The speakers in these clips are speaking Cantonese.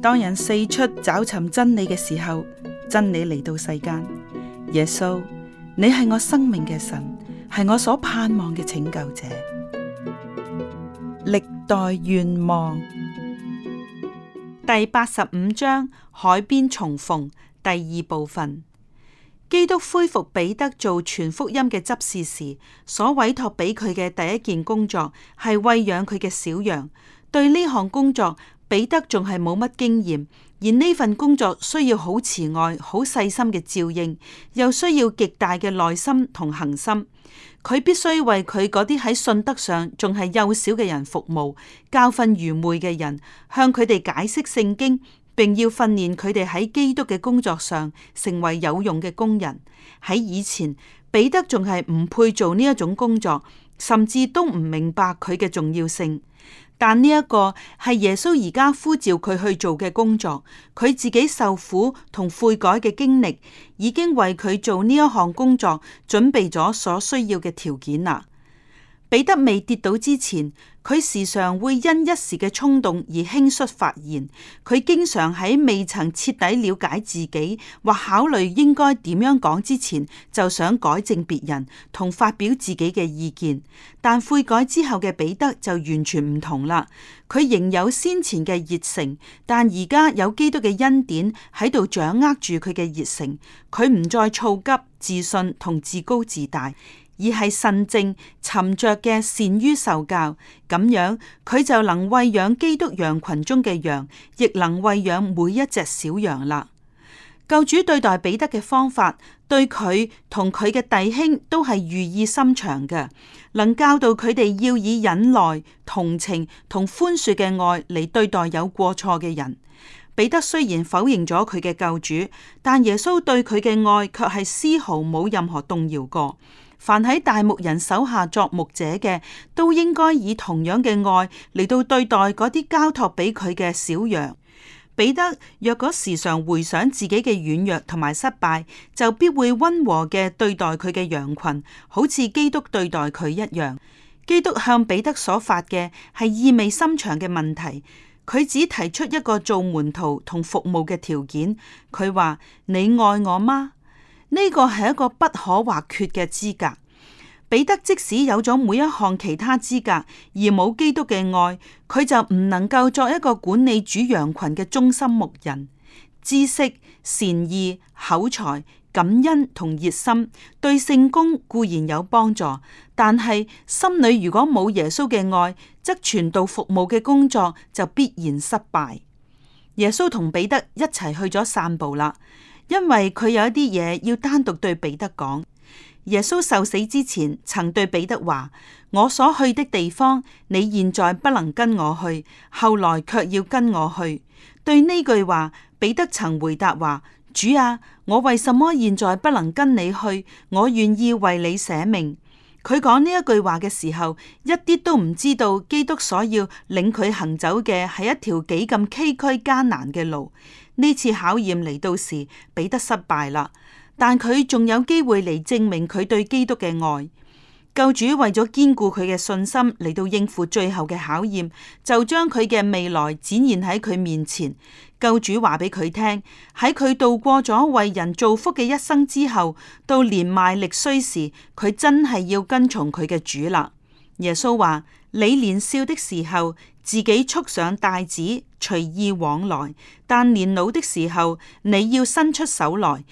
當人四出找尋真理嘅時候，真理嚟到世間。耶穌，你係我生命嘅神，係我所盼望嘅拯救者。歷代願望第八十五章，海邊重逢，第二部分。基督恢復彼得做傳福音嘅執事時，所委託俾佢嘅第一件工作係餵養佢嘅小羊。對呢項工作，彼得仲係冇乜經驗，而呢份工作需要好慈愛、好細心嘅照應，又需要極大嘅耐心同恆心。佢必須為佢嗰啲喺信德上仲係幼小嘅人服務，教訓愚昧嘅人，向佢哋解釋聖經。並要訓練佢哋喺基督嘅工作上成為有用嘅工人。喺以前，彼得仲係唔配做呢一種工作，甚至都唔明白佢嘅重要性。但呢一個係耶穌而家呼召佢去做嘅工作，佢自己受苦同悔改嘅經歷，已經為佢做呢一項工作準備咗所需要嘅條件啦。彼得未跌倒之前，佢時常會因一時嘅衝動而輕率發言，佢經常喺未曾徹底了解自己或考慮應該點樣講之前，就想改正別人同發表自己嘅意見。但悔改之後嘅彼得就完全唔同啦，佢仍有先前嘅熱誠，但而家有基督嘅恩典喺度掌握住佢嘅熱誠，佢唔再躁急、自信同自高自大。而係純正沉着嘅、善於受教咁樣，佢就能餵養基督羊群中嘅羊，亦能餵養每一隻小羊啦。救主對待彼得嘅方法，對佢同佢嘅弟兄都係寓意深長嘅，能教導佢哋要以忍耐、同情同寬恕嘅愛嚟對待有過錯嘅人。彼得雖然否認咗佢嘅救主，但耶穌對佢嘅愛卻係絲毫冇任何動搖過。凡喺大牧人手下作牧者嘅，都應該以同樣嘅愛嚟到對待嗰啲交託俾佢嘅小羊。彼得若果時常回想自己嘅軟弱同埋失敗，就必會溫和嘅對待佢嘅羊群，好似基督對待佢一樣。基督向彼得所發嘅係意味深長嘅問題，佢只提出一個做門徒同服務嘅條件，佢話：你愛我嗎？呢個係一個不可或缺嘅資格。彼得即使有咗每一項其他資格，而冇基督嘅愛，佢就唔能夠作一個管理主羊群嘅忠心牧人。知識、善意、口才、感恩同熱心，對聖工固然有幫助，但係心裏如果冇耶穌嘅愛，則傳道服務嘅工作就必然失敗。耶穌同彼得一齊去咗散步啦。因為佢有一啲嘢要單獨對彼得講。耶穌受死之前，曾對彼得話：我所去的地方，你現在不能跟我去，後來卻要跟我去。對呢句話，彼得曾回答話：主啊，我為什麼現在不能跟你去？我願意為你捨命。佢講呢一句話嘅時候，一啲都唔知道基督所要領佢行走嘅，係一條幾咁崎嶇艱難嘅路。呢次考驗嚟到時，彼得失敗啦，但佢仲有機會嚟證明佢對基督嘅愛。救主為咗堅固佢嘅信心嚟到應付最後嘅考驗，就將佢嘅未來展現喺佢面前。救主話俾佢聽，喺佢度過咗為人造福嘅一生之後，到年邁力衰時，佢真係要跟從佢嘅主啦。耶穌話：你年少的時候，自己束上帶子，隨意往來；但年老的時候，你要伸出手來。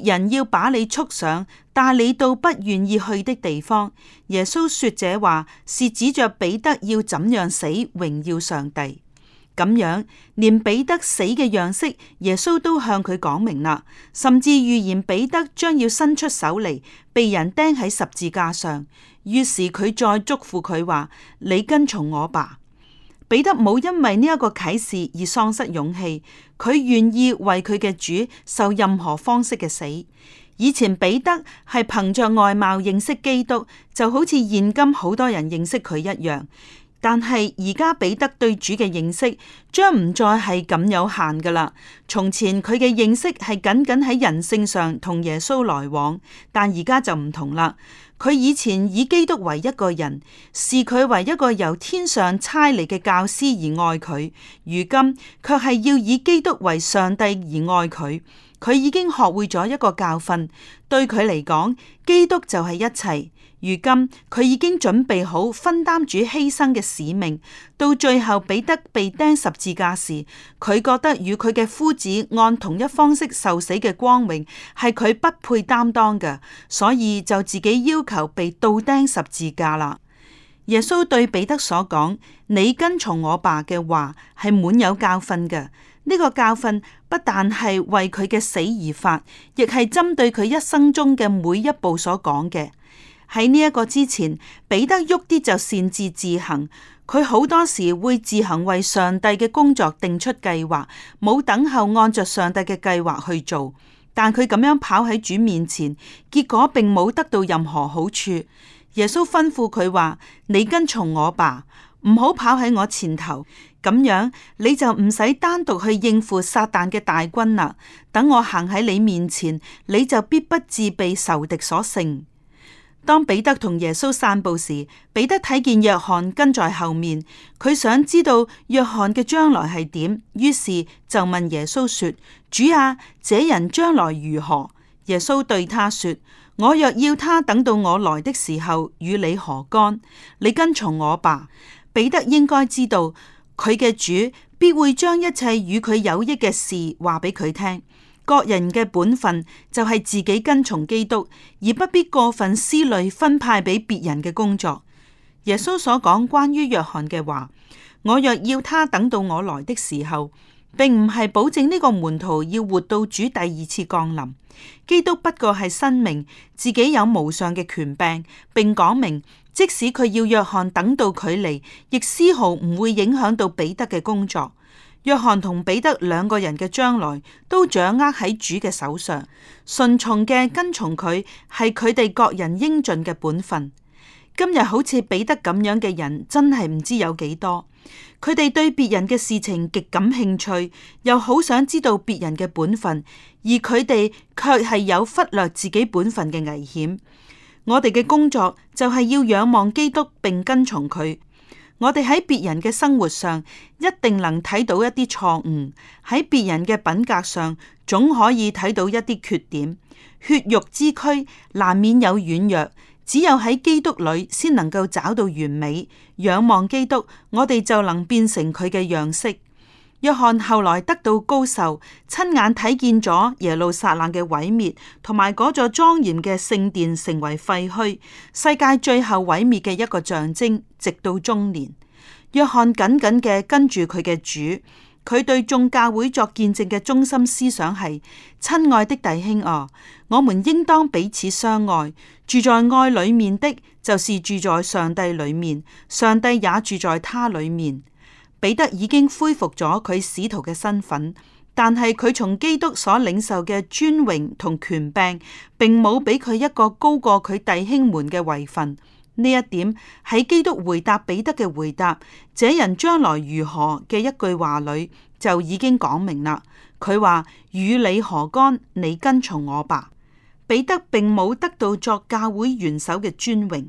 別人要把你束上，帶你到不願意去的地方。耶穌說這話，是指着彼得要怎樣死，榮耀上帝。咁樣，連彼得死嘅樣式，耶穌都向佢講明啦，甚至預言彼得將要伸出手嚟，被人釘喺十字架上。於是佢再囑咐佢話：你跟從我吧。彼得冇因為呢一個啟示而喪失勇氣，佢願意為佢嘅主受任何方式嘅死。以前彼得係憑着外貌認識基督，就好似現今好多人認識佢一樣。但係而家彼得對主嘅認識將唔再係咁有限噶啦。從前佢嘅認識係僅僅喺人性上同耶穌來往，但而家就唔同啦。佢以前以基督為一個人，視佢為一個由天上差嚟嘅教師而愛佢，如今卻係要以基督為上帝而愛佢。佢已經學會咗一個教訓，對佢嚟講，基督就係一切。如今佢已經準備好分擔主犧牲嘅使命，到最後彼得被釘十字架時，佢覺得與佢嘅夫子按同一方式受死嘅光榮係佢不配擔當嘅，所以就自己要求被倒釘十字架啦。耶穌對彼得所講：你跟從我爸嘅話係滿有教訓嘅。呢個教訓不但係為佢嘅死而發，亦係針對佢一生中嘅每一步所講嘅。喺呢一個之前，彼得喐啲就擅自自行，佢好多時會自行為上帝嘅工作定出計劃，冇等候按着上帝嘅計劃去做。但佢咁樣跑喺主面前，結果並冇得到任何好處。耶穌吩咐佢話：「你跟從我吧，唔好跑喺我前頭，咁樣你就唔使單獨去應付撒旦嘅大軍啦。等我行喺你面前，你就必不自被仇敵所勝。當彼得同耶穌散步時，彼得睇見約翰跟在後面，佢想知道約翰嘅將來係點，於是就問耶穌說：主啊，這人將來如何？耶穌對他說：我若要他等到我來的時候，與你何干？你跟從我吧。彼得應該知道佢嘅主必會將一切與佢有益嘅事話俾佢聽。各人嘅本分就係自己跟從基督，而不必過分思慮分派俾別人嘅工作。耶穌所講關於約翰嘅話，我若要他等到我來的時候，並唔係保證呢個門徒要活到主第二次降臨。基督不過係申明自己有無上嘅權柄，並講明即使佢要約翰等到佢嚟，亦絲毫唔會影響到彼得嘅工作。約翰同彼得兩個人嘅將來都掌握喺主嘅手上，順從嘅跟從佢係佢哋各人應盡嘅本分。今日好似彼得咁樣嘅人真係唔知有幾多，佢哋對別人嘅事情極感興趣，又好想知道別人嘅本分，而佢哋卻係有忽略自己本分嘅危險。我哋嘅工作就係要仰望基督並跟從佢。我哋喺別人嘅生活上，一定能睇到一啲錯誤；喺別人嘅品格上，總可以睇到一啲缺點。血肉之軀難免有軟弱，只有喺基督裏先能夠找到完美。仰望基督，我哋就能變成佢嘅樣式。約翰後來得到高壽，親眼睇見咗耶路撒冷嘅毀滅，同埋嗰座莊嚴嘅聖殿成為廢墟，世界最後毀滅嘅一個象徵。直到中年，約翰緊緊嘅跟住佢嘅主。佢對眾教會作見證嘅中心思想係：親愛的弟兄哦、啊，我們應當彼此相愛。住在愛裏面的，就是住在上帝裏面，上帝也住在他裏面。彼得已經恢復咗佢使徒嘅身份，但係佢從基督所領受嘅尊榮同權柄，並冇俾佢一個高過佢弟兄們嘅位份。呢一點喺基督回答彼得嘅回答，這人將來如何嘅一句話裏就已經講明啦。佢話，與你何干？你跟從我吧。彼得並冇得到作教會元首嘅尊榮。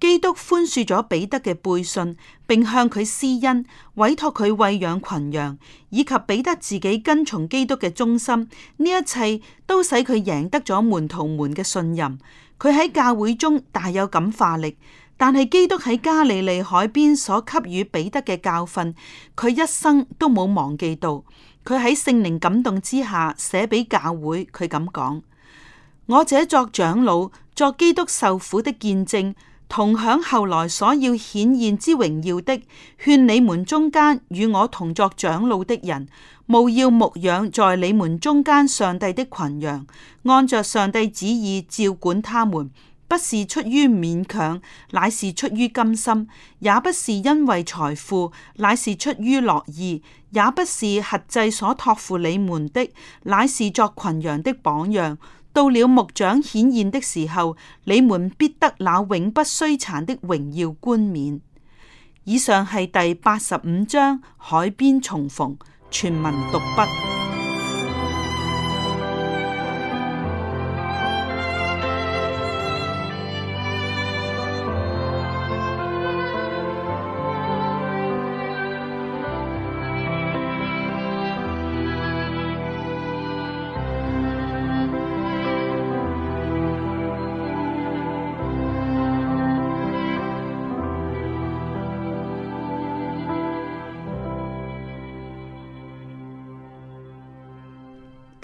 基督寬恕咗彼得嘅背信，並向佢施恩，委託佢餵養群羊，以及彼得自己跟從基督嘅忠心，呢一切都使佢贏得咗門徒們嘅信任。佢喺教會中大有感化力，但係基督喺加利利海邊所給予彼得嘅教訓，佢一生都冇忘記到。佢喺聖靈感動之下寫俾教會，佢咁講，我這作長老、作基督受苦的見證，同享後來所要顯現之榮耀的，勸你們中間與我同作長老的人，務要牧養在你們中間上帝的群羊，按着上帝旨意照管他們，不是出於勉強，乃是出於甘心；也不是因為財富，乃是出於樂意；也不是轄制所託付你們的，乃是作群羊的榜樣。到了木掌顯現的時候，你們必得那永不衰殘的榮耀冠冕。以上係第八十五章海邊重逢全文讀畢。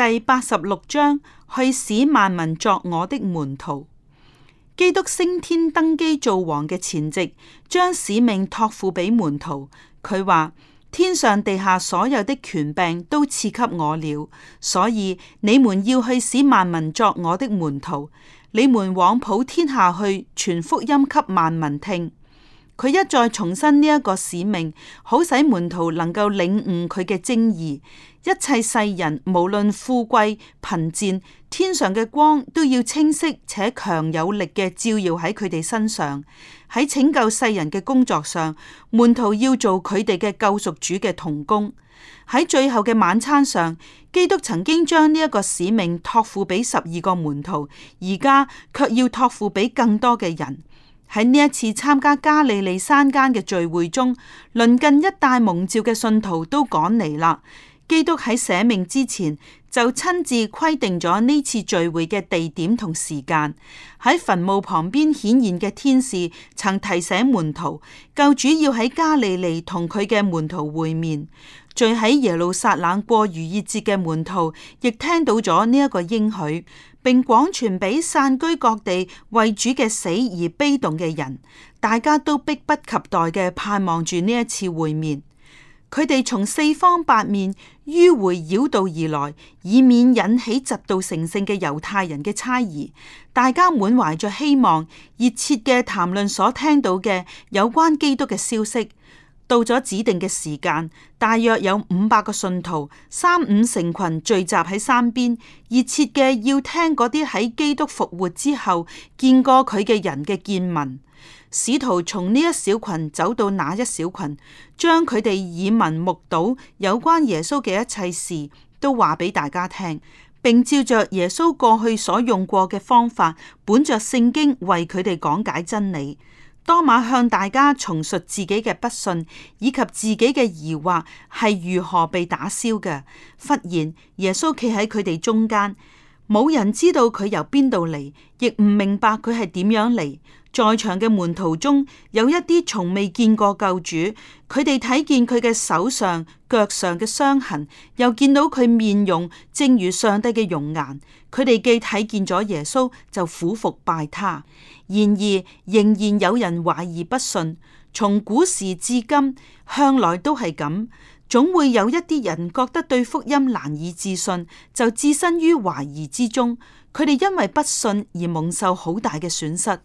第八十六章，去使萬民作我的門徒。基督升天登基做王嘅前夕，將使命托付俾門徒。佢話：天上地下所有的權柄都賜給我了，所以你們要去使萬民作我的門徒。你們往普天下去，傳福音給萬民聽。佢一再重申呢一個使命，好使門徒能夠領悟佢嘅精義。一切世人無論富貴貧賤，天上嘅光都要清晰且強有力嘅照耀喺佢哋身上。喺拯救世人嘅工作上，門徒要做佢哋嘅救贖主嘅同工。喺最後嘅晚餐上，基督曾經將呢一個使命托付俾十二個門徒，而家卻要託付俾更多嘅人。喺呢一次參加加利利山間嘅聚會中，鄰近一帶蒙召嘅信徒都趕嚟啦。基督喺捨命之前就親自規定咗呢次聚會嘅地點同時間。喺墳墓旁邊顯現嘅天使曾提醒門徒，救主要喺加利利同佢嘅門徒會面。聚喺耶路撒冷過逾越節嘅門徒亦聽到咗呢一個應許，並廣傳俾散居各地為主嘅死而悲慟嘅人。大家都迫不及待嘅盼望住呢一次會面。佢哋從四方八面迂迴繞道而來，以免引起嫉妒成性嘅猶太人嘅猜疑。大家滿懷着希望，熱切嘅談論所聽到嘅有關基督嘅消息。到咗指定嘅時間，大約有五百個信徒，三五成群聚集喺山邊，熱切嘅要聽嗰啲喺基督復活之後見過佢嘅人嘅見聞。使徒從呢一小群走到那一小群，將佢哋耳聞目睹有關耶穌嘅一切事都話俾大家聽，並照着耶穌過去所用過嘅方法，本着聖經為佢哋講解真理。多馬向大家重述自己嘅不信以及自己嘅疑惑係如何被打消嘅。忽然，耶穌企喺佢哋中間，冇人知道佢由邊度嚟，亦唔明白佢係點樣嚟。在場嘅門徒中有一啲從未見過救主，佢哋睇見佢嘅手上、腳上嘅傷痕，又見到佢面容正如上帝嘅容顏，佢哋既睇見咗耶穌就俯伏拜他。然而仍然有人懷疑不信，從古時至今向來都係咁，總會有一啲人覺得對福音難以置信，就置身於懷疑之中。佢哋因為不信而蒙受好大嘅損失。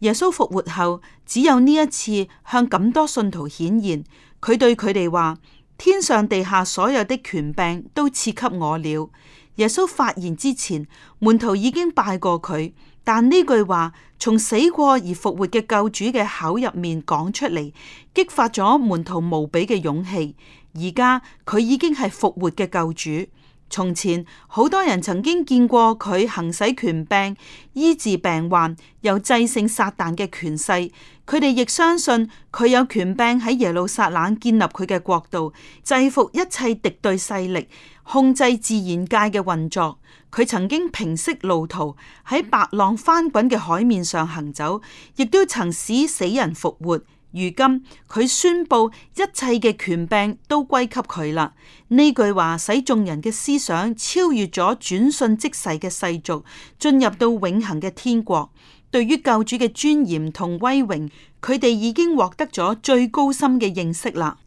耶穌復活後，只有呢一次向咁多信徒顯現。佢對佢哋話：天上地下所有的權柄都賜給我了。耶穌發言之前，門徒已經拜過佢，但呢句話從死過而復活嘅救主嘅口入面講出嚟，激發咗門徒無比嘅勇氣。而家佢已經係復活嘅救主。從前好多人曾經見過佢行使權柄，醫治病患，又制勝撒旦嘅權勢，佢哋亦相信佢有權柄喺耶路撒冷建立佢嘅國度，制服一切敵對勢力，控制自然界嘅運作。佢曾經平息路途，喺白浪翻滾嘅海面上行走，亦都曾使死人復活。如今佢宣布一切嘅權柄都歸給佢啦，呢句話使眾人嘅思想超越咗轉瞬即逝嘅世俗，進入到永恆嘅天國。對於救主嘅尊嚴同威榮，佢哋已經獲得咗最高深嘅認識啦。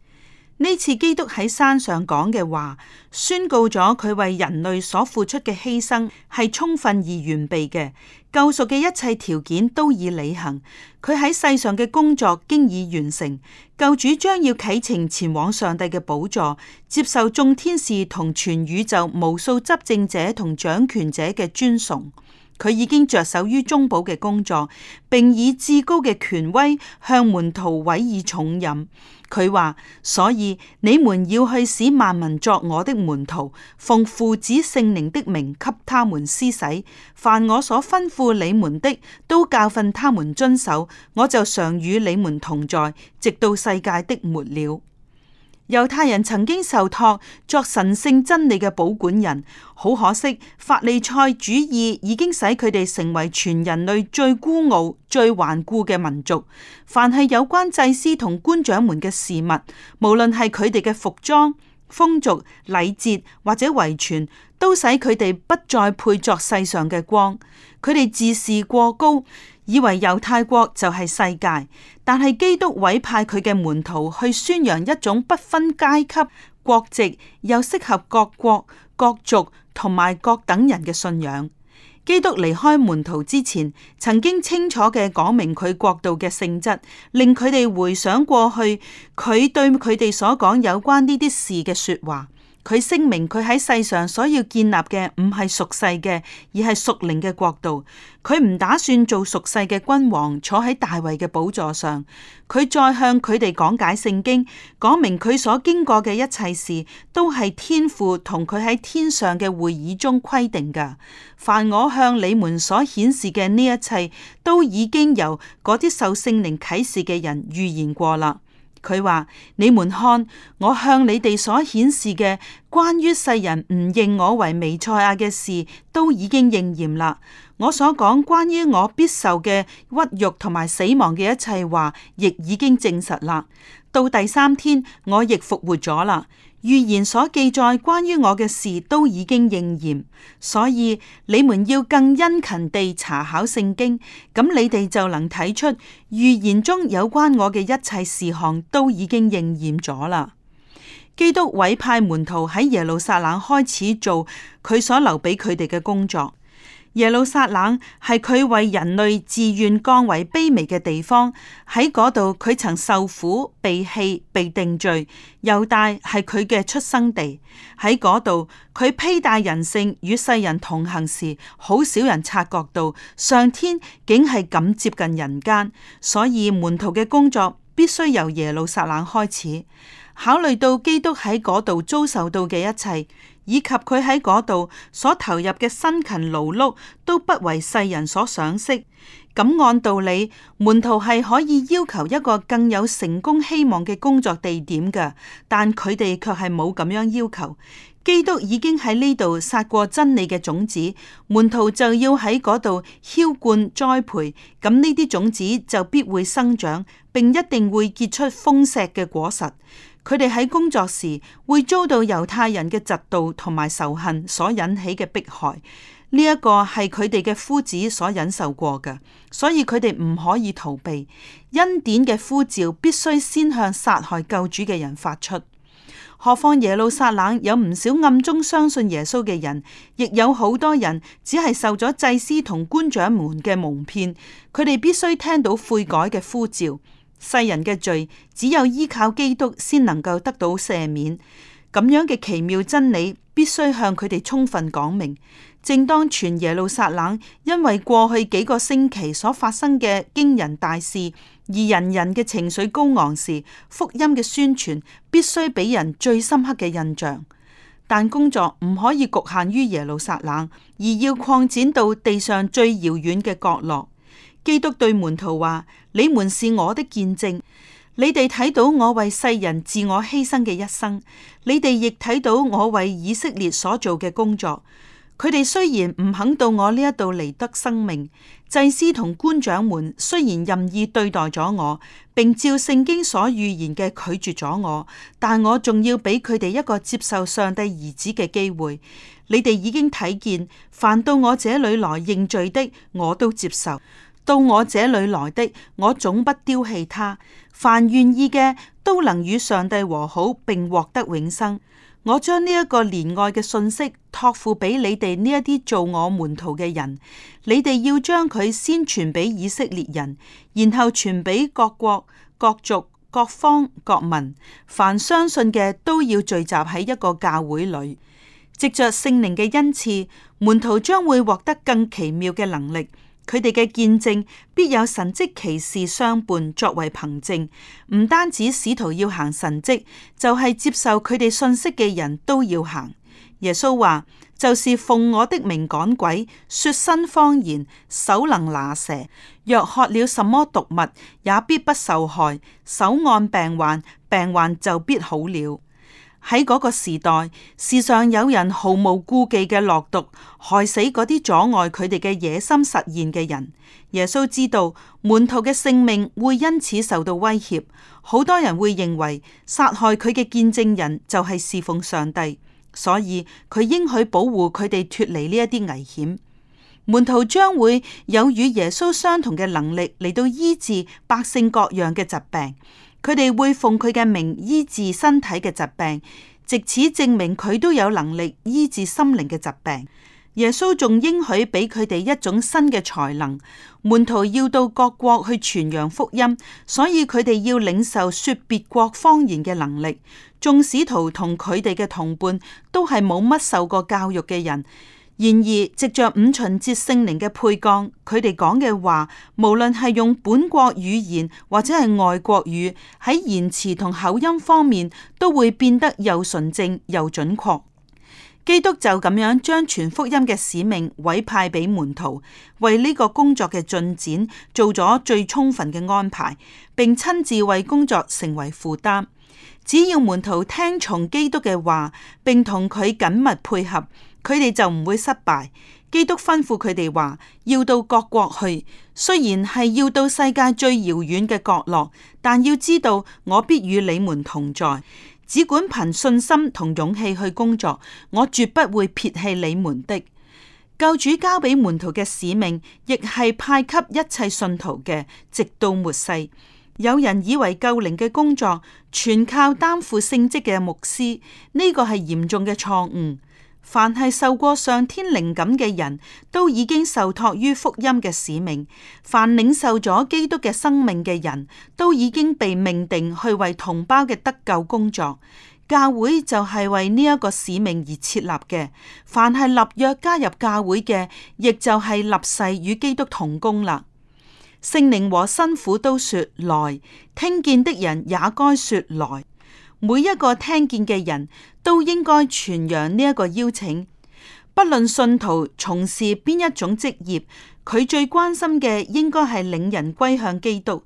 呢次基督喺山上講嘅話，宣告咗佢為人類所付出嘅犧牲係充分而完備嘅，救贖嘅一切條件都已履行，佢喺世上嘅工作經已完成，救主將要啟程前往上帝嘅寶座，接受眾天使同全宇宙無數執政者同掌權者嘅尊崇。佢已經着手於中保嘅工作，並以至高嘅權威向門徒委以重任。佢話：所以你們要去使萬民作我的門徒，奉父子聖靈的名給他們施洗，凡我所吩咐你們的，都教訓他們遵守。我就常與你們同在，直到世界的末了。猶太人曾經受託作神聖真理嘅保管人，好可惜，法利賽主義已經使佢哋成為全人類最孤傲、最頑固嘅民族。凡係有關祭司同官長們嘅事物，無論係佢哋嘅服裝、風俗、禮節或者遺傳，都使佢哋不再配作世上嘅光。佢哋自視過高。以為猶太國就係世界，但係基督委派佢嘅門徒去宣揚一種不分階級、國籍又適合各國、各族同埋各等人嘅信仰。基督離開門徒之前，曾經清楚嘅講明佢國度嘅性質，令佢哋回想過去佢對佢哋所講有關呢啲事嘅說話。佢聲明佢喺世上所要建立嘅唔係屬世嘅，而係屬靈嘅國度。佢唔打算做屬世嘅君王，坐喺大衛嘅寶座上。佢再向佢哋講解聖經，講明佢所經過嘅一切事都係天父同佢喺天上嘅會議中規定㗎。凡我向你們所顯示嘅呢一切，都已經由嗰啲受聖靈啟示嘅人預言過啦。佢話：你們看，我向你哋所顯示嘅關於世人唔認我為彌賽亞嘅事，都已經應驗啦。我所講關於我必受嘅屈辱同埋死亡嘅一切話，亦已經證實啦。到第三天，我亦復活咗啦。預言所記載關於我嘅事都已經應驗，所以你們要更殷勤地查考聖經，咁你哋就能睇出預言中有關我嘅一切事項都已經應驗咗啦。基督委派門徒喺耶路撒冷開始做佢所留俾佢哋嘅工作。耶路撒冷係佢為人類自願降為卑微嘅地方，喺嗰度佢曾受苦、被棄、被定罪。猶大係佢嘅出生地，喺嗰度佢披戴人性，與世人同行時，好少人察覺到上天竟係咁接近人間。所以門徒嘅工作必須由耶路撒冷開始。考慮到基督喺嗰度遭受到嘅一切，以及佢喺嗰度所投入嘅辛勤勞碌，都不為世人所賞識。咁按道理，門徒係可以要求一個更有成功希望嘅工作地點嘅，但佢哋却係冇咁樣要求。基督已經喺呢度撒過真理嘅種子，門徒就要喺嗰度澆灌栽培。咁呢啲種子就必會生長，並一定會結出豐碩嘅果實。佢哋喺工作時會遭到猶太人嘅嫉妒同埋仇恨所引起嘅迫害，呢、這、一個係佢哋嘅夫子所忍受過嘅，所以佢哋唔可以逃避恩典嘅呼召，必須先向殺害救主嘅人發出。何況耶路撒冷有唔少暗中相信耶穌嘅人，亦有好多人只係受咗祭司同官長們嘅蒙騙，佢哋必須聽到悔改嘅呼召。世人嘅罪只有依靠基督先能夠得到赦免，咁樣嘅奇妙真理必須向佢哋充分講明。正當全耶路撒冷，因為過去幾個星期所發生嘅驚人大事，而人人嘅情緒高昂時，福音嘅宣傳必須俾人最深刻嘅印象。但工作唔可以局限於耶路撒冷，而要擴展到地上最遙遠嘅角落。基督對門徒話：你們是我的見證，你哋睇到我為世人自我犧牲嘅一生，你哋亦睇到我為以色列所做嘅工作。佢哋雖然唔肯到我呢一度嚟得生命，祭司同官長們雖然任意對待咗我，並照聖經所預言嘅拒絕咗我，但我仲要俾佢哋一個接受上帝兒子嘅機會。你哋已經睇見，凡到我這裏來認罪的，我都接受。到我這裏來的，我總不丟棄他。凡願意嘅，都能與上帝和好，並獲得永生。我將呢一個憐愛嘅信息託付俾你哋呢一啲做我門徒嘅人，你哋要將佢先傳俾以色列人，然後傳俾各國、各族、各方、各民。凡相信嘅都要聚集喺一個教會裏，藉着聖靈嘅恩賜，門徒將會獲得更奇妙嘅能力。佢哋嘅見證必有神跡奇事相伴作為憑證，唔單止使徒要行神跡，就係、是、接受佢哋信息嘅人都要行。耶穌話：就是奉我的名趕鬼，說新方言，手能拿蛇，若喝了什麼毒物，也必不受害，手按病患，病患就必好了。喺嗰個時代，事實上有人毫無顧忌嘅落毒，害死嗰啲阻礙佢哋嘅野心實現嘅人。耶穌知道門徒嘅性命會因此受到威脅，好多人會認為殺害佢嘅見證人就係侍奉上帝，所以佢應許保護佢哋脫離呢一啲危險。門徒將會有與耶穌相同嘅能力嚟到醫治百姓各樣嘅疾病。佢哋會奉佢嘅名醫治身體嘅疾病，藉此證明佢都有能力醫治心靈嘅疾病。耶穌仲應許俾佢哋一種新嘅才能，門徒要到各國去傳揚福音，所以佢哋要領受說別國方言嘅能力。眾使徒同佢哋嘅同伴都係冇乜受過教育嘅人。然而，藉著五旬節聖靈嘅配降，佢哋講嘅話，無論係用本國語言或者係外國語，喺言辭同口音方面，都會變得又純正又準確。基督就咁樣將傳福音嘅使命委派俾門徒，為呢個工作嘅進展做咗最充分嘅安排，並親自為工作成為負擔。只要門徒聽從基督嘅話，並同佢緊密配合。佢哋就唔會失敗。基督吩咐佢哋話要到各國去，雖然係要到世界最遙遠嘅角落，但要知道我必與你們同在，只管憑信心同勇氣去工作，我絕不會撇棄你們的。救主交俾門徒嘅使命，亦係派給一切信徒嘅，直到末世。有人以為救靈嘅工作全靠擔負聖職嘅牧師，呢個係嚴重嘅錯誤。凡係受過上天靈感嘅人都已經受託於福音嘅使命；凡領受咗基督嘅生命嘅人都已經被命定去為同胞嘅得救工作。教會就係為呢一個使命而設立嘅。凡係立約加入教會嘅，亦就係立誓與基督同工啦。聖靈和新婦都說來，聽見的人也該說來。每一個聽見嘅人都應該傳揚呢一個邀請，不論信徒從事邊一種職業，佢最關心嘅應該係領人歸向基督。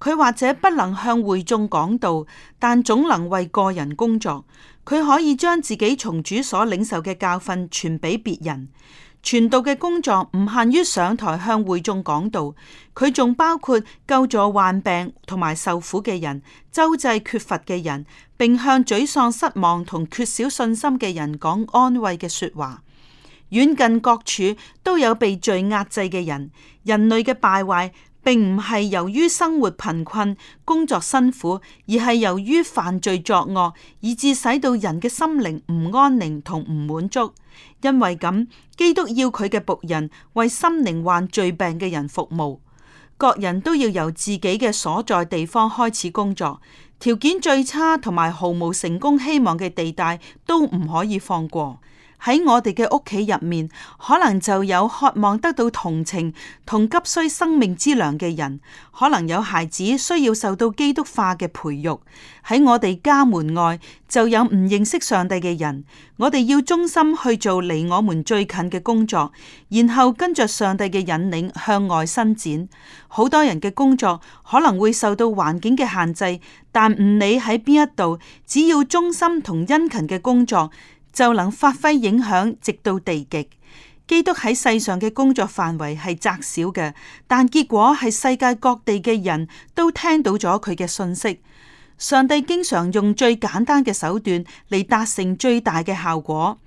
佢或者不能向會眾講道，但總能為個人工作。佢可以將自己從主所領受嘅教訓傳俾別人。傳道嘅工作唔限於上台向會眾講道，佢仲包括救助患病同埋受苦嘅人、周濟缺乏嘅人，並向沮喪、失望同缺少信心嘅人講安慰嘅說話。遠近各處都有被罪壓制嘅人，人類嘅敗壞。並唔係由於生活貧困、工作辛苦，而係由於犯罪作惡，以致使到人嘅心靈唔安寧同唔滿足。因為咁，基督要佢嘅僕人為心靈患罪病嘅人服務，各人都要由自己嘅所在地方開始工作，條件最差同埋毫無成功希望嘅地帶都唔可以放過。喺我哋嘅屋企入面，可能就有渴望得到同情同急需生命之糧嘅人；可能有孩子需要受到基督化嘅培育。喺我哋家門外就有唔認識上帝嘅人。我哋要忠心去做離我們最近嘅工作，然後跟着上帝嘅引領向外伸展。好多人嘅工作可能會受到環境嘅限制，但唔理喺邊一度，只要忠心同殷勤嘅工作。就能發揮影響，直到地極。基督喺世上嘅工作範圍係窄小嘅，但結果係世界各地嘅人都聽到咗佢嘅信息。上帝經常用最簡單嘅手段嚟達成最大嘅效果。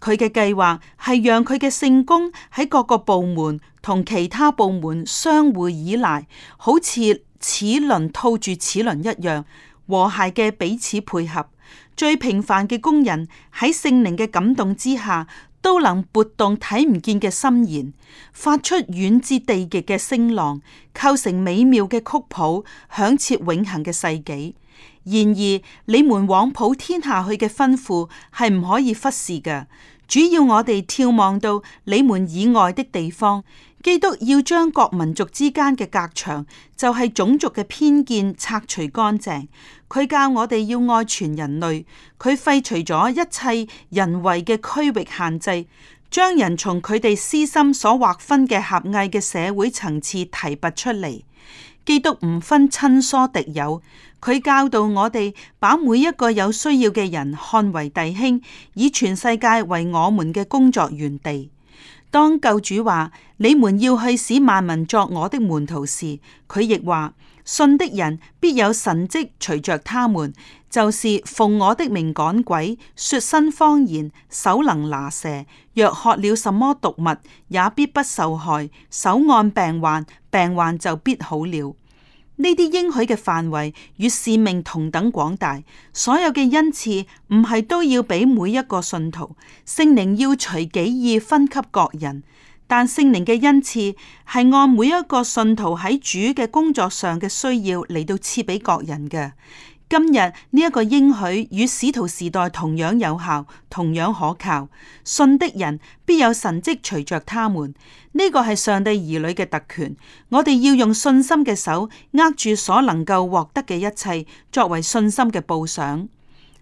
佢嘅計劃係讓佢嘅聖工喺各個部門同其他部門相互依賴，好似齒輪套住齒輪一樣，和諧嘅彼此配合。最平凡嘅工人喺聖靈嘅感動之下，都能撥動睇唔見嘅心弦，發出遠至地極嘅聲浪，構成美妙嘅曲譜，響徹永恆嘅世紀。然而，你們往普天下去嘅吩咐係唔可以忽視嘅。主要我哋眺望到你們以外的地方。基督要將各民族之間嘅隔牆，就係、是、種族嘅偏見，拆除乾淨。佢教我哋要愛全人類，佢廢除咗一切人為嘅區域限制，將人從佢哋私心所劃分嘅狹隘嘅社會層次提拔出嚟。基督唔分親疏敵友，佢教導我哋把每一個有需要嘅人看為弟兄，以全世界為我們嘅工作原地。當救主話。你們要去使萬民作我的門徒時，佢亦話信的人必有神蹟隨着他們，就是奉我的名趕鬼，說新方言，手能拿蛇，若喝了什麼毒物也必不受害，手按病患，病患就必好了。呢啲應許嘅範圍與使命同等廣大，所有嘅恩賜唔係都要俾每一個信徒，聖靈要隨己意分給各人。但聖靈嘅恩賜係按每一個信徒喺主嘅工作上嘅需要嚟到賜俾各人嘅。今日呢一個應許與使徒時代同樣有效，同樣可靠。信的人必有神蹟隨着他們。呢個係上帝兒女嘅特權。我哋要用信心嘅手握住所能夠獲得嘅一切，作為信心嘅報賞。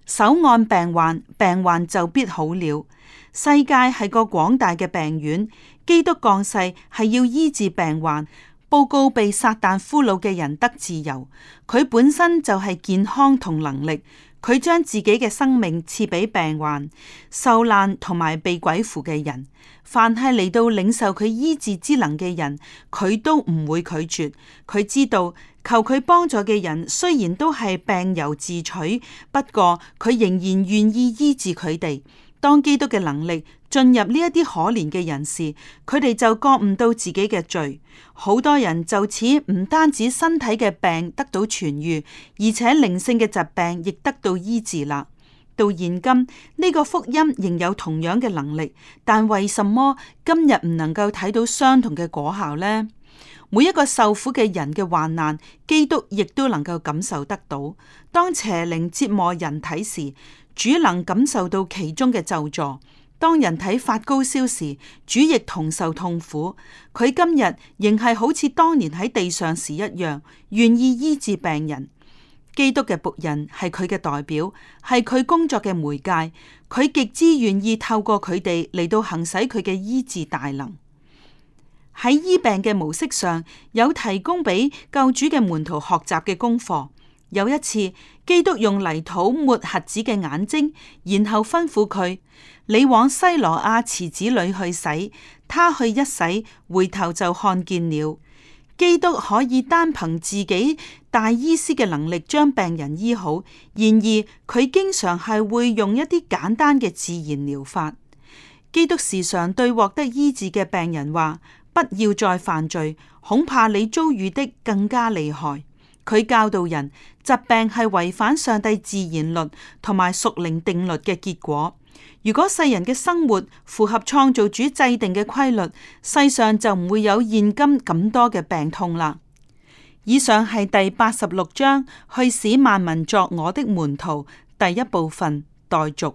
手按病患，病患就必好了。世界係個廣大嘅病院，基督降世係要醫治病患，報告被撒旦俘虜嘅人得自由。佢本身就係健康同能力，佢將自己嘅生命賜俾病患、受難同埋被鬼附嘅人。凡係嚟到領受佢醫治之能嘅人，佢都唔會拒絕。佢知道，求佢幫助嘅人雖然都係病由自取，不過佢仍然願意醫治佢哋。當基督嘅能力進入呢一啲可憐嘅人士，佢哋就覺悟到自己嘅罪。好多人就此唔單止身體嘅病得到痊愈，而且靈性嘅疾病亦得到醫治啦。到現今，呢個福音仍有同樣嘅能力，但為什麼今日唔能夠睇到相同嘅果效呢？每一個受苦嘅人嘅患難，基督亦都能夠感受得到。當邪靈折磨人體時，主能感受到其中嘅救助。當人體發高燒時，主亦同受痛苦。佢今日仍係好似當年喺地上時一樣，願意醫治病人。基督嘅僕人係佢嘅代表，係佢工作嘅媒介。佢極之願意透過佢哋嚟，到行使佢嘅醫治大能。喺醫病嘅模式上，有提供俾救主嘅門徒學習嘅功課。有一次，基督用泥土抹瞎子嘅眼睛，然後吩咐佢：你往西羅亞池子裏去洗。他去一洗，回頭就看見了。基督可以單憑自己大醫師嘅能力將病人醫好，然而佢經常係會用一啲簡單嘅自然療法。基督時常對獲得醫治嘅病人話：不要再犯罪，恐怕你遭遇的更加厲害。佢教導人，疾病係違反上帝自然律同埋屬靈定律嘅結果。如果世人嘅生活符合創造主制定嘅規律，世上就唔會有現今咁多嘅病痛啦。以上係第八十六章，去使萬民作我的門徒，第一部分待續。